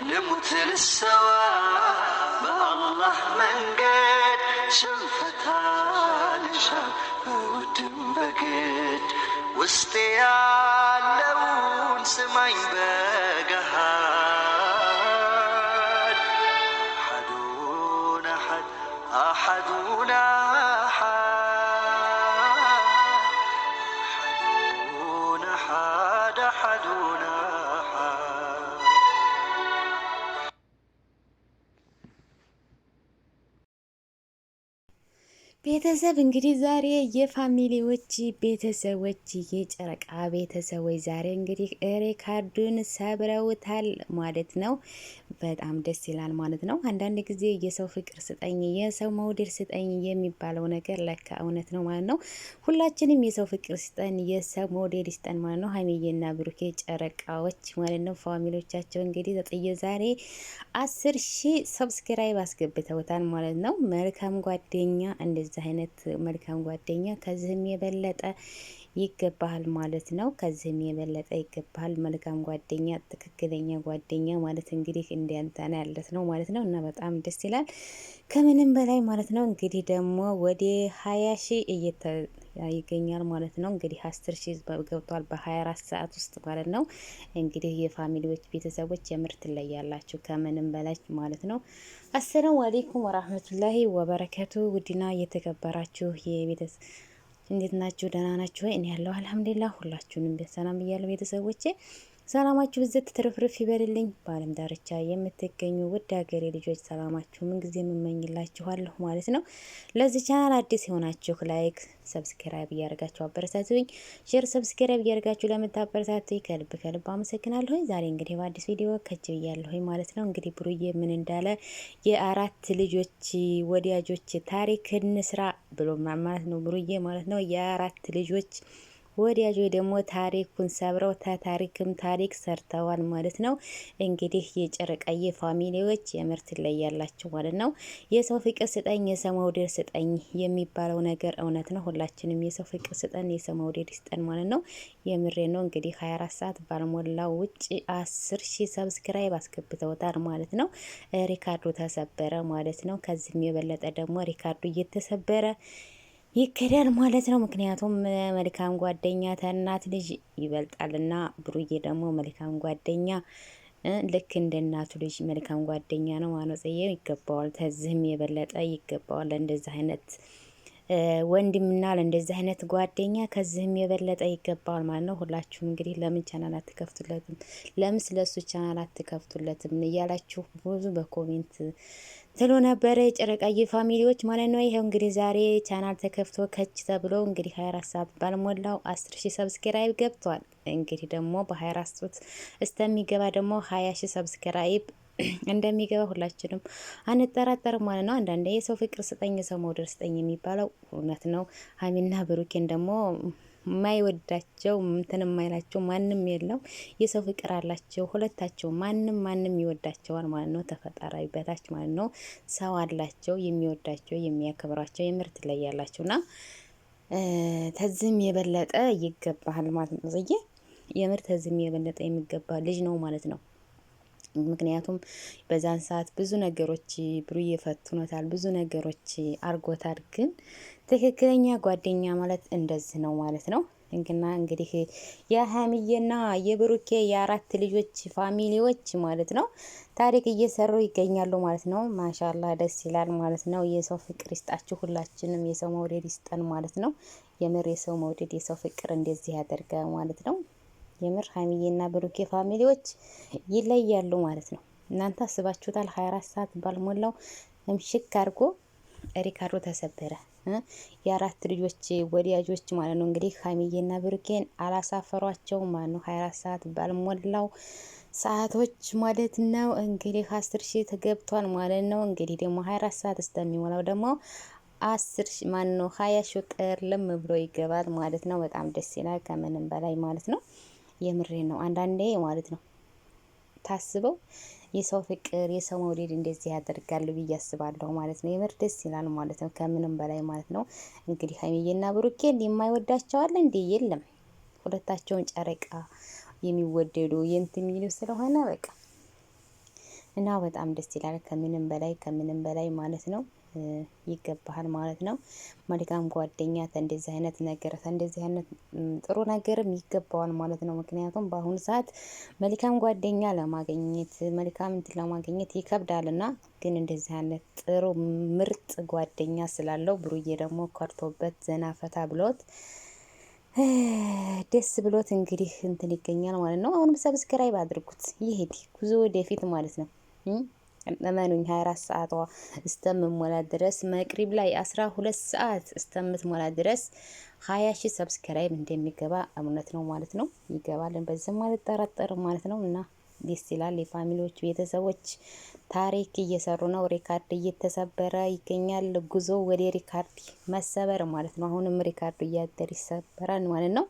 لمت للسواب الله من قد شفتها لشاف ودم بقيت وسطي يعلون سمعي بقهاد حدون أحد أحد ቤተሰብ እንግዲህ ዛሬ የፋሚሊዎች ቤተሰቦች የጨረቃ ቤተሰቦች ዛሬ እንግዲህ ሬካርዱን ሰብረውታል ማለት ነው። በጣም ደስ ይላል ማለት ነው። አንዳንድ ጊዜ የሰው ፍቅር ስጠኝ፣ የሰው መውደድ ስጠኝ የሚባለው ነገር ለካ እውነት ነው ማለት ነው። ሁላችንም የሰው ፍቅር ስጠን፣ የሰው መውደድ ስጠን ማለት ነው። ሀይሚዬና ብሩኬ ጨረቃዎች ማለት ነው። ፋሚሊዎቻቸው እንግዲህ ተጥየ ዛሬ አስር ሺ ሰብስክራይብ አስገብተውታል ማለት ነው። መልካም ጓደኛ እንደዚህ አይነት መልካም ጓደኛ ከዚህም የበለጠ ይገባሃል ማለት ነው። ከዚህም የበለጠ ይገባሃል። መልካም ጓደኛ፣ ትክክለኛ ጓደኛ ማለት እንግዲህ እንዲያንተና ያለት ነው ማለት ነው እና በጣም ደስ ይላል ከምንም በላይ ማለት ነው። እንግዲህ ደግሞ ወደ ሀያ ሺህ እየተ ይገኛል ማለት ነው። እንግዲህ አስር ሺ ገብቷል በ24 ሰዓት ውስጥ ማለት ነው። እንግዲህ የፋሚሊዎች ቤተሰቦች ላይ ያላችሁ ከምንም በላይ ማለት ነው። አሰላሙ አሌይኩም ወራህመቱላሂ ወበረከቱ ውድና የተከበራችሁ የቤተሰብ እንዴት ናችሁ? ደህና ናችሁ? እኔ ያለው አልሐምዱሊላህ ሁላችሁንም ቤት ሰላም ብያለሁ ቤተሰቦቼ ሰላማችሁ ብዘት ትርፍርፍ ይበልልኝ። በዓለም ዳርቻ የምትገኙ ውድ ሀገሬ ልጆች ሰላማችሁ ምንጊዜ የምመኝላችኋለሁ ማለት ነው። ለዚህ ቻናል አዲስ የሆናችሁ ላይክ፣ ሰብስክራይብ እያደርጋችሁ አበረታቱኝ። ሼር፣ ሰብስክራይብ እያደርጋችሁ ለምታበረታቱኝ ከልብ ከልብ አመሰግናለሁኝ። ዛሬ እንግዲህ በአዲስ ቪዲዮ ከች ብያለሁኝ ማለት ነው። እንግዲህ ብሩዬ ምን እንዳለ የአራት ልጆች ወዳጆች ታሪክ እንስራ ብሎ ማለት ነው። ብሩዬ ማለት ነው የአራት ልጆች ወዳጆች ደግሞ ታሪኩን ሰብረው ታሪክም ታሪክ ሰርተዋል ማለት ነው። እንግዲህ የጨረቃዬ ፋሚሊዎች የምር ትለያላችሁ ማለት ነው። የሰው ፍቅር ስጠኝ፣ የሰው መውደድ ስጠኝ የሚባለው ነገር እውነት ነው። ሁላችንም የሰው ፍቅር ስጠን፣ የሰው መውደድ ስጠን ማለት ነው። የምሬ ነው። እንግዲህ 24 ሰዓት ባልሞላው ውጭ 10 ሺ ሰብስክራይብ አስገብተውታል ማለት ነው። ሪካርዱ ተሰበረ ማለት ነው። ከዚህም የበለጠ ደግሞ ሪካርዱ እየተሰበረ ይከዳል ማለት ነው። ምክንያቱም መልካም ጓደኛ ተናት ልጅ ይበልጣልና ብሩዬ ደግሞ መልካም ጓደኛ ልክ እንደ እናቱ ልጅ መልካም ጓደኛ ነው። ማነጽዬ ይገባዋል፣ ተዝህም የበለጠ ይገባዋል እንደዚህ አይነት ወንድምና ለእንደዚህ አይነት ጓደኛ ከዚህም የበለጠ ይገባዋል ማለት ነው። ሁላችሁም እንግዲህ ለምን ቻናል አትከፍቱለትም? ለምን ስለሱ ቻናል አትከፍቱለትም? እያላችሁ ብዙ በኮሜንት ትሎ ነበረ የጨረቃዬ ፋሚሊዎች ማለት ነው። ይኸው እንግዲህ ዛሬ ቻናል ተከፍቶ ከች ተብሎ እንግዲህ 24 ሰዓት ባልሞላው 10 ሺህ ሰብስክራይብ ገብቷል። እንግዲህ ደግሞ በ24 ሰዓት እስከሚገባ ደግሞ 20 ሺህ ሰብስክራይብ እንደሚገባ ሁላችንም አንጠራጠርም ማለት ነው። አንዳንዴ የሰው ፍቅር ስጠኝ፣ የሰው መውደድ ስጠኝ የሚባለው እውነት ነው። ሀሚና ብሩኬን ደግሞ የማይወዳቸው እንትን የማይላቸው ማንም የለም። የሰው ፍቅር አላቸው ሁለታቸው፣ ማንም ማንም ይወዳቸዋል ማለት ነው። ተፈጣራዊ በታች ማለት ነው። ሰው አላቸው የሚወዳቸው የሚያከብራቸው የምርት ላይ ና ተዝም የበለጠ ይገባሃል ማለት ነው። ዝዬ የምርት ተዝም የበለጠ የሚገባ ልጅ ነው ማለት ነው። ምክንያቱም በዛን ሰዓት ብዙ ነገሮች ብሩዬ ፈትኖታል፣ ብዙ ነገሮች አርጎታል። ግን ትክክለኛ ጓደኛ ማለት እንደዚህ ነው ማለት ነው። እንግና እንግዲህ የሀሚዬና የብሩኬ የአራት ልጆች ፋሚሊዎች ማለት ነው ታሪክ እየሰሩ ይገኛሉ ማለት ነው። ማሻላ ደስ ይላል ማለት ነው። የሰው ፍቅር ይስጣችሁ ሁላችንም፣ የሰው መውደድ ይስጠን ማለት ነው። የምር የሰው መውደድ የሰው ፍቅር እንደዚህ ያደርገ ማለት ነው። የምር ሀይሚዬና ብሩኬ ፋሚሊዎች ይለያሉ ማለት ነው። እናንተ አስባችሁታል? 24 ሰዓት ባልሞላው እምሽክ አድርጎ ሪካርዶ ተሰበረ። የአራት ልጆች ወዲያጆች ማለት ነው እንግዲህ ሀይሚዬና ብሩኬን አላሳፈሯቸው ማለት ነው። 24 ሰዓት ባልሞላው ሰዓቶች ማለት ነው እንግዲህ አስር ሺ ተገብቷል ማለት ነው። እንግዲህ ደግሞ አራት ሰዓት እስከሚሞላው ደግሞ አስር ማን ነው ሀያ ቅር ቅርልም ብሎ ይገባል ማለት ነው። በጣም ደስ ይላል ከምንም በላይ ማለት ነው። የምሬን ነው። አንዳንዴ ማለት ነው ታስበው የሰው ፍቅር የሰው መውደድ እንደዚህ ያደርጋሉ ብዬ አስባለሁ ማለት ነው። የምር ደስ ይላል ማለት ነው። ከምንም በላይ ማለት ነው እንግዲህ ሀይሚዬና ብሩኬ የማይወዳቸዋል እንዴ? የለም ሁለታቸውን ጨረቃ የሚወደዱ የንት የሚሉ ስለሆነ በቃ እና በጣም ደስ ይላል ከምንም በላይ ከምንም በላይ ማለት ነው። ይገባሃል ማለት ነው። መልካም ጓደኛ እንደዚህ አይነት ነገር እንደዚህ አይነት ጥሩ ነገርም ይገባዋል ማለት ነው። ምክንያቱም በአሁኑ ሰዓት መልካም ጓደኛ ለማግኘት መልካም እንትን ለማግኘት ይከብዳል እና ግን እንደዚህ አይነት ጥሩ ምርጥ ጓደኛ ስላለው ብሩዬ ደግሞ ኮርቶበት ዘና ፈታ ብሎት ደስ ብሎት እንግዲህ እንትን ይገኛል ማለት ነው። አሁንም ሰብስክራይብ አድርጉት ይሄድ ጉዞ ወደፊት ማለት ነው። ቀን እመኑኝ 24 ሰዓቷ እስተምሞላ ድረስ መቅሪብ ላይ 12 ሰዓት እስተምትሞላ ድረስ 20 ሺህ ሰብስክራይብ እንደሚገባ እምነት ነው ማለት ነው። ይገባልን በዚህም አልጠራጠርም ማለት ነው እና ደስ ይላል። የፋሚሊዎች ቤተሰቦች ታሪክ እየሰሩ ነው። ሪካርድ እየተሰበረ ይገኛል። ጉዞ ወደ ሪካርድ መሰበር ማለት ነው። አሁንም ሪካርዱ እያደር ይሰበራል ማለት ነው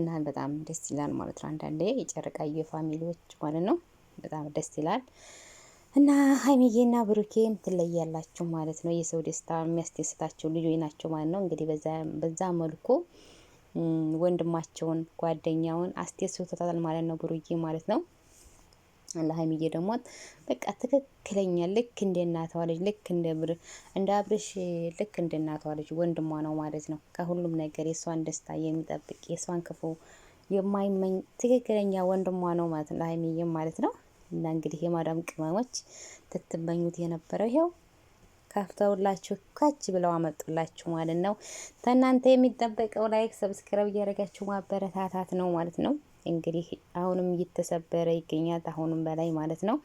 እና በጣም ደስ ይላል ማለት ነው። አንዳንዴ የጨረቃዩ ፋሚሊዎች ማለት ነው በጣም ደስ ይላል። እና ሀይሚዬና ብሩኬም ትለያላችሁ ማለት ነው። የሰው ደስታ የሚያስደስታቸው ልጆች ናቸው ማለት ነው። እንግዲህ በዛ መልኩ ወንድማቸውን ጓደኛውን አስደስቶታል ማለት ነው። ብሩዬ ማለት ነው። ለሀይሚዬ ደግሞ በቃ ትክክለኛ ልክ እንደ እናቷ ልጅ ልክ እንደ ብር እንደ አብርሽ ልክ እንደ እናቷ ልጅ ወንድሟ ነው ማለት ነው። ከሁሉም ነገር የእሷን ደስታ የሚጠብቅ የእሷን ክፉ የማይመኝ ትክክለኛ ወንድሟ ነው ማለት ነው። ለሀይሚዬም ማለት ነው። እና እንግዲህ የማዳም ቅመሞች ትትመኙት የነበረው ይኸው ከፍተውላችሁ ካች ብለው አመጡላችሁ ማለት ነው። ከእናንተ የሚጠበቀው ላይክ፣ ሰብስክራብ እያደረጋችሁ ማበረታታት ነው ማለት ነው። እንግዲህ አሁንም እየተሰበረ ይገኛል። አሁንም በላይ ማለት ነው።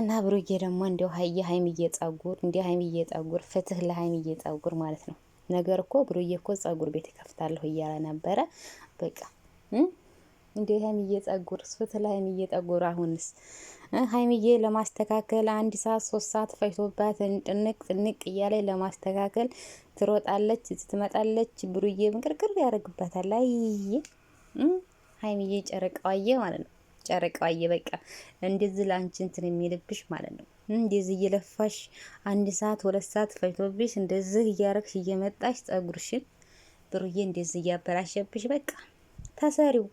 እና ብሩዬ ደግሞ እንዲያው ሀየ ሀይምዬ ጸጉር እንዲያው ሀይምዬ ጸጉር ፍትህ ለሀይምዬ ጸጉር ማለት ነው። ነገር እኮ ብሩዬ እኮ ጸጉር ቤት ከፍታለሁ እያለ ነበረ በቃ እንዴ ሀይሚዬ ጸጉር ስፍት ለሀይሚዬ ጠጉር አሁንስ ሀይሚዬ ለማስተካከል አንድ ሰዓት ሶስት ሰዓት ፈጅቶባት ጥንቅ ጥንቅ እያለ ለማስተካከል ትሮጣለች፣ ትመጣለች። ብሩዬ ምቅርቅር ያደርግበታል። አይዬ ሀይሚዬ ጨረቃዋዬ ማለት ነው። ጨረቃዋዬ በቃ እንደዚህ ለአንቺ እንትን የሚልብሽ ማለት ነው። እንደዚህ እየለፋሽ አንድ ሰዓት ሁለት ሰዓት ፈጅቶብሽ እንደዚህ እያረግሽ እየመጣሽ ጸጉርሽን ብሩዬ እንደዚህ እያበላሸብሽ በቃ ተሰሪው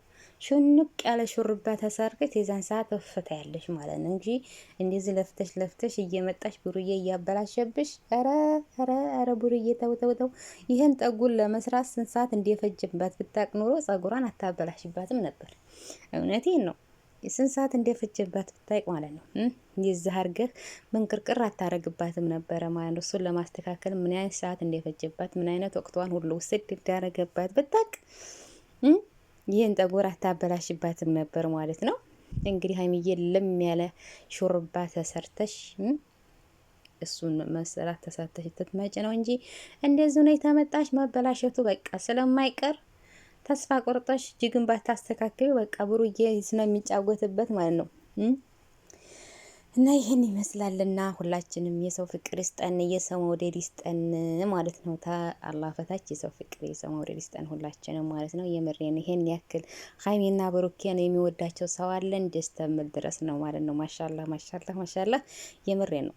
ሽንቅ ያለ ሹርባ ተሰርተሽ የዛን ሰዓት እፍታ ያለሽ ማለት ነው እንጂ እንደዚህ ለፍተሽ ለፍተሽ እየመጣሽ ብሩዬ እያበላሸብሽ፣ ኧረ ኧረ ኧረ ብሩዬ ተው ተው ተው። ይህን ጠጉን ለመስራት ስንት ሰዓት እንደፈጀባት ብታቅ ኑሮ ጸጉሯን አታበላሽባትም ነበር። እውነቴን ነው። ስንት ሰዓት እንደፈጀባት ብታይቅ ማለት ነው። የዚህ አርገህ መንቅርቅር አታረግባትም ነበረ ማለት ነው። እሱን ለማስተካከል ምን አይነት ሰዓት እንደፈጀባት ምን አይነት ወቅቷን ሁሉ ውስድ እንዳረገባት ብታቅ ይህን ጠጉር አታበላሽባትም ነበር ማለት ነው። እንግዲህ ሀይሚዬ ለም ያለ ሹርባ ተሰርተሽ እሱን መሰራት ተሰርተሽ ትትመጭ ነው እንጂ እንደዚህ ነው የተመጣሽ መበላሸቱ በቃ ስለማይቀር ተስፋ ቆርጠሽ እጅግን ባታስተካክል በቃ ብሩዬ ስለሚጫወትበት ማለት ነው። እና ይህን ይመስላልና ሁላችንም የሰው ፍቅር ይስጠን፣ የሰው መውደድ ይስጠን ማለት ነው። አላህ በታች የሰው ፍቅር የሰው መውደድ ይስጠን ሁላችንም ማለት ነው። የምሬን ይህን ያክል ሀይሜና ብሩኬን የሚወዳቸው ሰው አለን ደስ ተምል ድረስ ነው ማለት ነው። ማሻላ ማሻላ ማሻላ የምሬን ነው።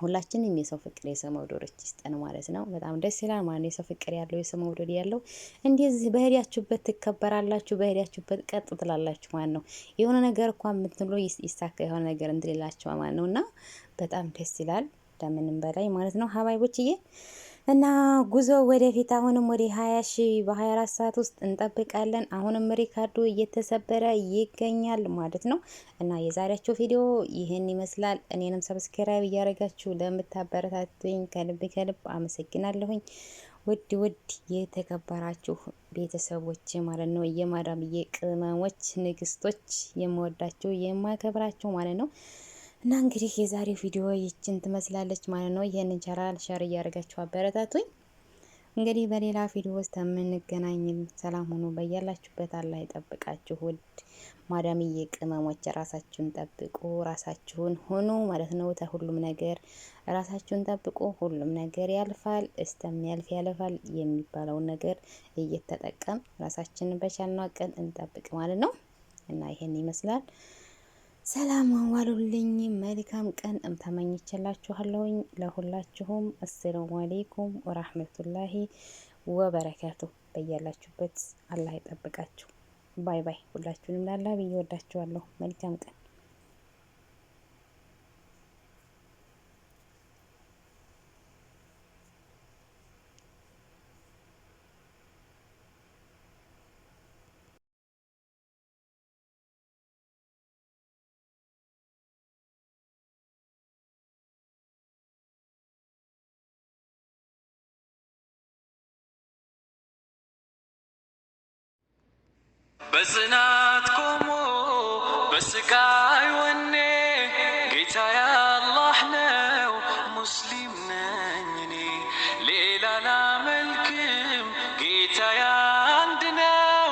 ሁላችንም የሰው ፍቅር የሰው መውደዶች ይስጠን ማለት ነው። በጣም ደስ ይላል ማለት የሰው ፍቅር ያለው የሰው መውደድ ያለው እንደዚህ በሄዳችሁበት ትከበራላችሁ፣ በሄዳችሁበት ቀጥ ትላላችሁ ማለት ነው። የሆነ ነገር እንኳን የምትብሎ ይሳካ የሆነ ነገር እንድሌላችሁ ማለት ነው እና በጣም ደስ ይላል ለምንም በላይ ማለት ነው ሀባይቦችዬ እና ጉዞ ወደፊት አሁንም ወደ ሀያ ሺ በ24 ሰዓት ውስጥ እንጠብቃለን። አሁንም ሪካርዱ እየተሰበረ ይገኛል ማለት ነው። እና የዛሬያቸው ቪዲዮ ይህን ይመስላል። እኔንም ሰብስክራይብ እያደረጋችሁ ለምታበረታቱኝ ከልብ ከልብ አመሰግናለሁኝ። ውድ ውድ የተከበራችሁ ቤተሰቦች ማለት ነው፣ የማዳም የቅመሞች ንግስቶች፣ የምወዳችሁ የማከብራችሁ ማለት ነው። እና እንግዲህ የዛሬው ቪዲዮ ይችን ትመስላለች ማለት ነው። ይህንን ቻናል ሸር እያደረጋችሁ አበረታቱኝ። እንግዲህ በሌላ ቪዲዮ ውስጥ የምንገናኝ፣ ሰላም ሁኑ በያላችሁበት። አላህ ይጠብቃችሁ። ውድ ማዳምዬ ቅመሞች ራሳችሁን ጠብቁ፣ ራሳችሁን ሁኑ ማለት ነው። ተሁሉም ነገር ራሳችሁን ጠብቁ። ሁሉም ነገር ያልፋል፣ እስተሚያልፍ ያልፋል የሚባለውን ነገር እየተጠቀም ራሳችንን በቻልነው አቅም እንጠብቅ ማለት ነው እና ይሄን ይመስላል። ሰላም ዋሉልኝ። መልካም ቀን እምተመኝችላችኋለሁኝ ለሁላችሁም። አሰላሙ አሌይኩም ወራህመቱላሂ ወበረካቱ። በያላችሁበት አላህ ይጠብቃችሁ። ባይ ባይ። ሁላችሁንም ላላ ብዬ ወዳችኋለሁ። መልካም ቀን በጽናት ቆሞ በስቃይ ወኔ ጌታ ያላህ ነው፣ ሙስሊም ነኝ እኔ ሌላ ላመልክም። ጌታ ያንድ ነው፣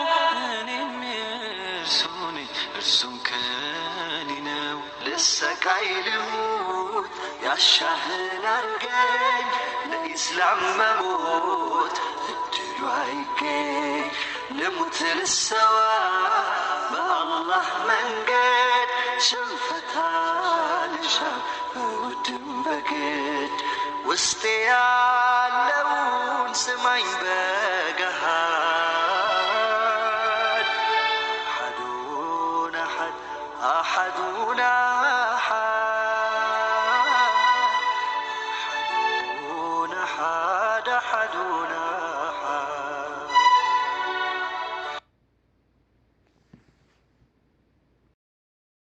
እኔም እርሱ ነኝ፣ እርሱም ከኔ ነው። ልሰቃይ ልሙት ያሻህን አርገኝ፣ ለኢስላም መሞት እድሉ አይገኝ نموت للسوا الله من قد شلفتها لشم ودم بقيت وسطي على ونسمعي بقهار